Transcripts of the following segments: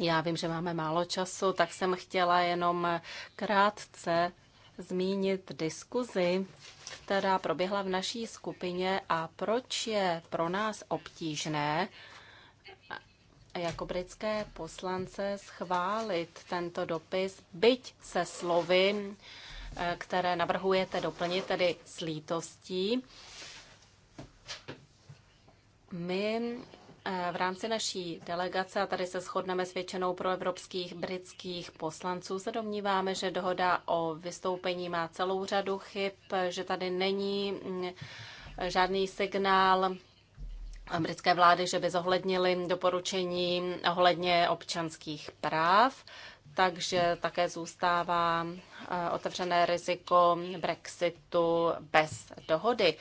Já vím, že máme málo času, tak jsem chtěla jenom krátce zmínit diskuzi, která proběhla v naší skupině a proč je pro nás obtížné jako britské poslance schválit tento dopis, byť se slovy, které navrhujete doplnit, tedy s lítostí. My Eh, v rámci naší delegace, a tady se shodneme s většinou proevropských britských poslanců, se domníváme, že dohoda o vystoupení má celou řadu chyb, že tady není mm, žádný signál eh, britské vlády, že by zohlednili doporučení ohledně občanských práv, takže také zůstává eh, otevřené riziko Brexitu bez dohody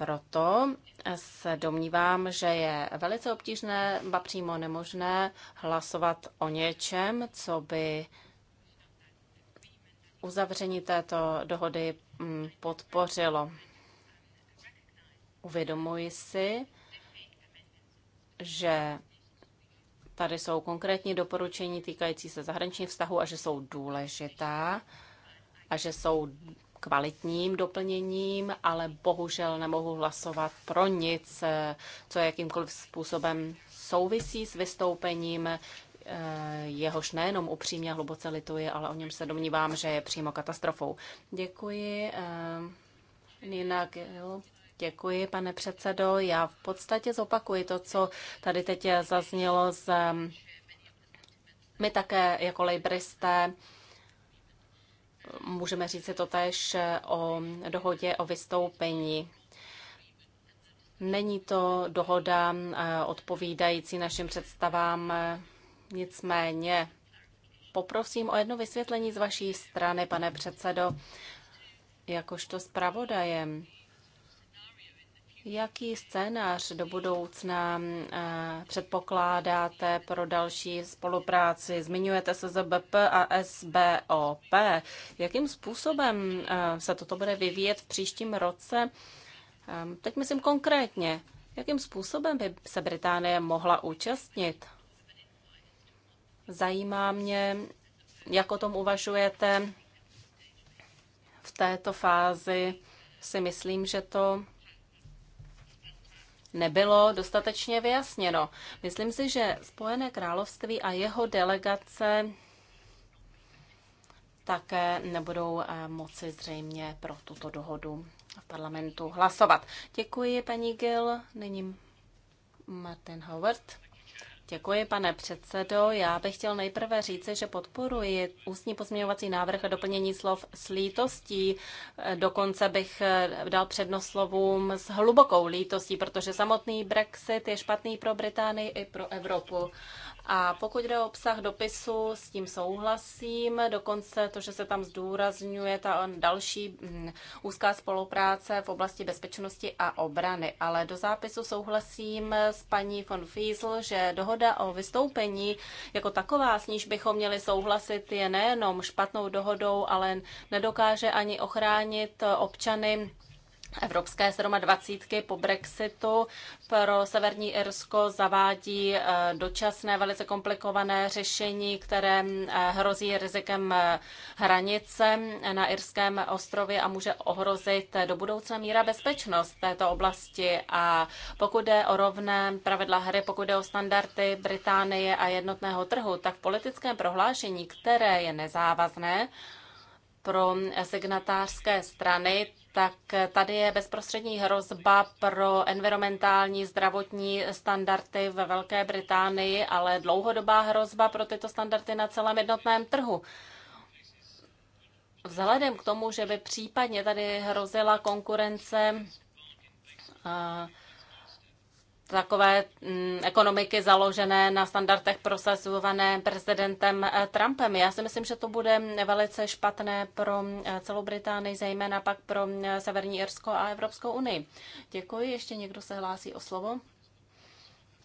proto se domnívám, že je velice obtížné, ba přímo nemožné hlasovat o něčem, co by uzavření této dohody mm, podpořilo. Uvědomuji si, že tady jsou konkrétní doporučení týkající se zahraničních vztahů a že jsou důležitá a že jsou kvalitním doplněním, ale bohužel nemohu hlasovat pro nic, eh, co jakýmkoliv způsobem souvisí s vystoupením eh, jehož nejenom upřímně hluboce lituji, ale o něm se domnívám, že je přímo katastrofou. Děkuji. Eh, Nina Gil. Děkuji, pane předsedo. Já v podstatě zopakuji to, co tady teď zaznělo z... My také jako lejbristé můžeme říct si to tež eh, o dohodě o vystoupení. Není to dohoda eh, odpovídající našim představám, eh, nicméně poprosím o jedno vysvětlení z vaší strany, pane předsedo, jakožto zpravodajem. Jaký scénář do budoucna eh, předpokládáte pro další spolupráci? Zmiňujete se ZBP a SBOP. Jakým způsobem eh, se toto bude vyvíjet v příštím roce? Ehm, teď myslím konkrétně, jakým způsobem by se Británie mohla účastnit? Zajímá mě, jak o tom uvažujete v této fázi. Si myslím, že to nebylo dostatečně vyjasněno. Myslím si, že Spojené království a jeho delegace také nebudou eh, moci zřejmě pro tuto dohodu v parlamentu hlasovat. Děkuji, paní Gil. Nyní Martin Howard. Děkuji, pane předsedo. Já bych chtěl nejprve říci, že podporuji ústní pozměňovací návrh a doplnění slov s lítostí. Dokonce bych eh, dal přednost slovům s hlubokou lítostí, protože samotný Brexit je špatný pro Británii i pro Evropu. A pokud jde o obsah dopisu, s tím souhlasím. Dokonce to, že se tam zdůrazňuje ta další mm, úzká spolupráce v oblasti bezpečnosti a obrany. Ale do zápisu souhlasím s paní von Fiesl, že dohoda o vystoupení jako taková, s níž bychom měli souhlasit, je nejenom špatnou dohodou, ale nedokáže ani ochránit občany Evropské 27. po Brexitu pro Severní Irsko zavádí eh, dočasné, velice komplikované řešení, které eh, hrozí rizikem eh, hranice na Irském ostrově a může ohrozit do budoucna míra bezpečnost této oblasti. A pokud jde o rovné pravidla hry, pokud jde o standardy Británie a jednotného trhu, tak v politickém prohlášení, které je nezávazné, pro signatářské strany, tak tady je bezprostřední hrozba pro environmentální zdravotní standardy ve Velké Británii, ale dlouhodobá hrozba pro tyto standardy na celém jednotném trhu. Vzhledem k tomu, že by případně tady hrozila konkurence takové mm, ekonomiky založené na standardech prosazované prezidentem eh, Trumpem. Já si myslím, že to bude velice špatné pro eh, celou Británii, zejména pak pro eh, Severní Irsko a Evropskou unii. Děkuji. Ještě někdo se hlásí o slovo?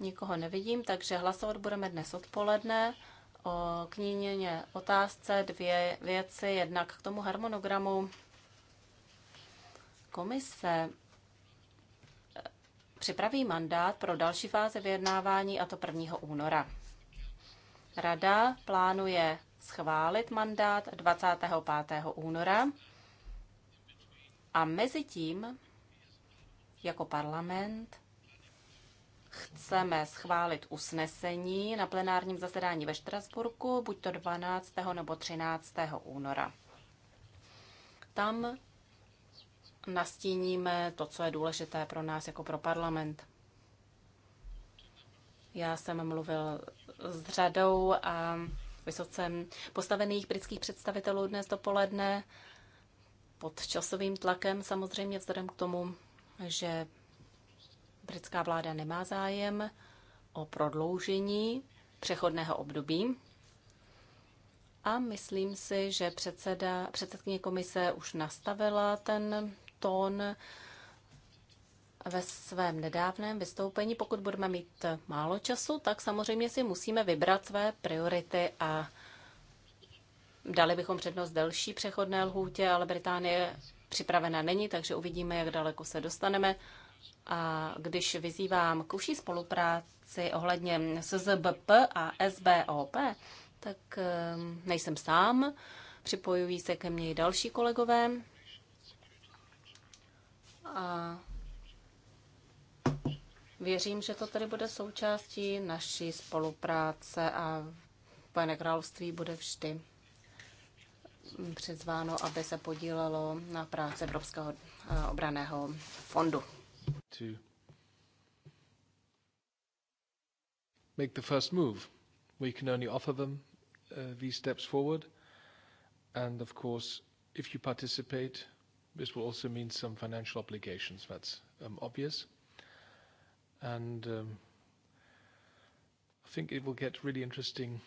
Nikoho nevidím, takže hlasovat budeme dnes odpoledne o kníněně otázce dvě věci, jednak k tomu harmonogramu komise připraví mandát pro další fáze vyjednávání, a to 1. února. Rada plánuje schválit mandát 25. února a mezi tím jako parlament chceme schválit usnesení na plenárním zasedání ve Štrasburku, buď to 12. nebo 13. února. Tam nastíníme to, co je důležité pro nás jako pro parlament. Já jsem mluvil s řadou a vysoce postavených britských představitelů dnes dopoledne pod časovým tlakem samozřejmě vzhledem k tomu, že britská vláda nemá zájem o prodloužení přechodného období. A myslím si, že předseda, předsedkyně komise už nastavila ten tón ve svém nedávném vystoupení. Pokud budeme mít málo času, tak samozřejmě si musíme vybrat své priority a dali bychom přednost delší přechodné lhůtě, ale Británie připravena není, takže uvidíme, jak daleko se dostaneme. A když vyzývám k užší spolupráci ohledně SZBP a SBOP, tak ehm, nejsem sám. Připojují se ke mně i další kolegové. A věřím, že to tedy bude součástí naší spolupráce a Spojené království bude vždy přizváno, aby se podílelo na práci Evropského eh, obraného fondu. make the first move. We can only offer them uh, these steps forward. And of course, if you participate, This will also mean some financial obligations. That's um, obvious. And um, I think it will get really interesting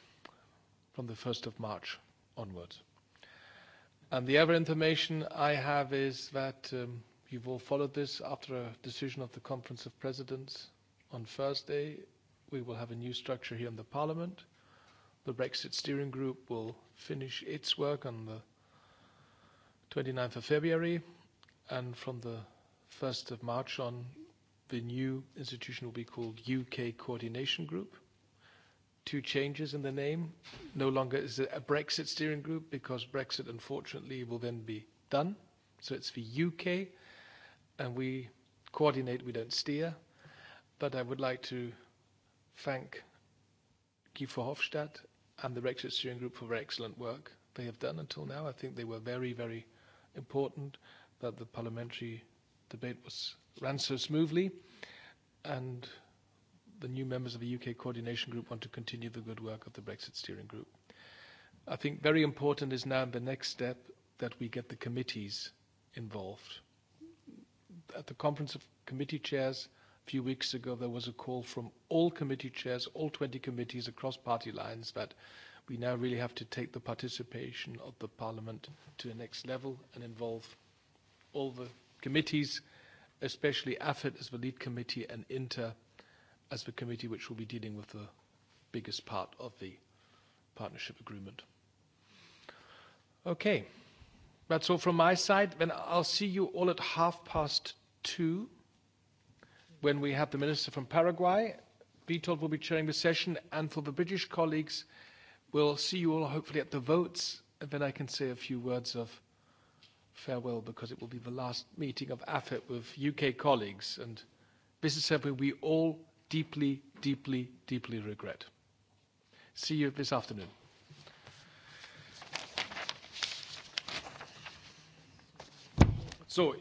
from the 1st of March onwards. And the other information I have is that um, you've all followed this after a decision of the Conference of Presidents on Thursday. We will have a new structure here in the Parliament. The Brexit Steering Group will finish its work on the 29th of February, and from the 1st of March on, the new institution will be called UK Coordination Group. Two changes in the name. No longer is it a Brexit steering group because Brexit, unfortunately, will then be done. So it's the UK, and we coordinate, we don't steer. But I would like to thank Guy Verhofstadt and the Brexit steering group for their excellent work they have done until now. I think they were very, very important that the parliamentary debate was ran so smoothly and the new members of the UK coordination group want to continue the good work of the Brexit steering group. I think very important is now the next step that we get the committees involved. At the conference of committee chairs a few weeks ago, there was a call from all committee chairs, all 20 committees across party lines that we now really have to take the participation of the Parliament to the next level and involve all the committees, especially AFET as the lead committee and INTER as the committee which will be dealing with the biggest part of the partnership agreement. Okay. That's all from my side. Then I'll see you all at half past two when we have the minister from Paraguay. Vitor will be chairing the session, and for the British colleagues, We'll see you all hopefully at the votes, and then I can say a few words of farewell because it will be the last meeting of AFET with UK colleagues, and this is something we all deeply, deeply, deeply regret. See you this afternoon. So